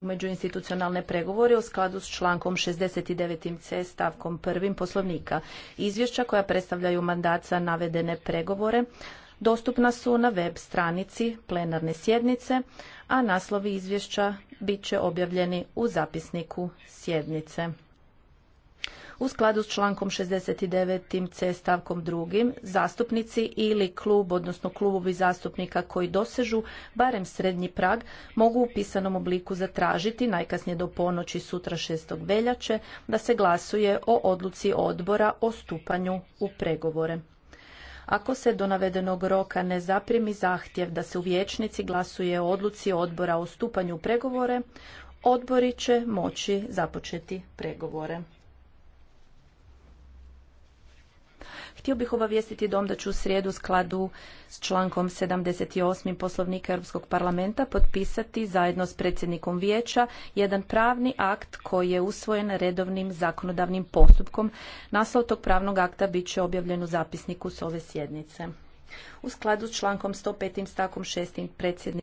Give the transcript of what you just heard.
međuinstitucionalne pregovore u skladu s člankom 69. c stavkom 1. poslovnika. Izvješća koja predstavljaju mandat za navedene pregovore dostupna su na web stranici plenarne sjednice, a naslovi izvješća bit će objavljeni u zapisniku sjednice. U skladu s člankom 69. c stavkom 2. zastupnici ili klub, odnosno klubovi zastupnika koji dosežu barem srednji prag mogu u pisanom obliku zatražiti najkasnije do ponoći sutra 6. veljače da se glasuje o odluci odbora o stupanju u pregovore. Ako se do navedenog roka ne zaprimi zahtjev da se u vijećnici glasuje o odluci odbora o stupanju u pregovore, odbori će moći započeti pregovore. Htio bih obavijestiti dom da ću u srijedu u skladu s člankom 78. poslovnika Europskog parlamenta potpisati zajedno s predsjednikom vijeća jedan pravni akt koji je usvojen redovnim zakonodavnim postupkom. Naslov tog pravnog akta bit će objavljen u zapisniku s ove sjednice. U skladu s člankom 105. stakom 6. predsjednika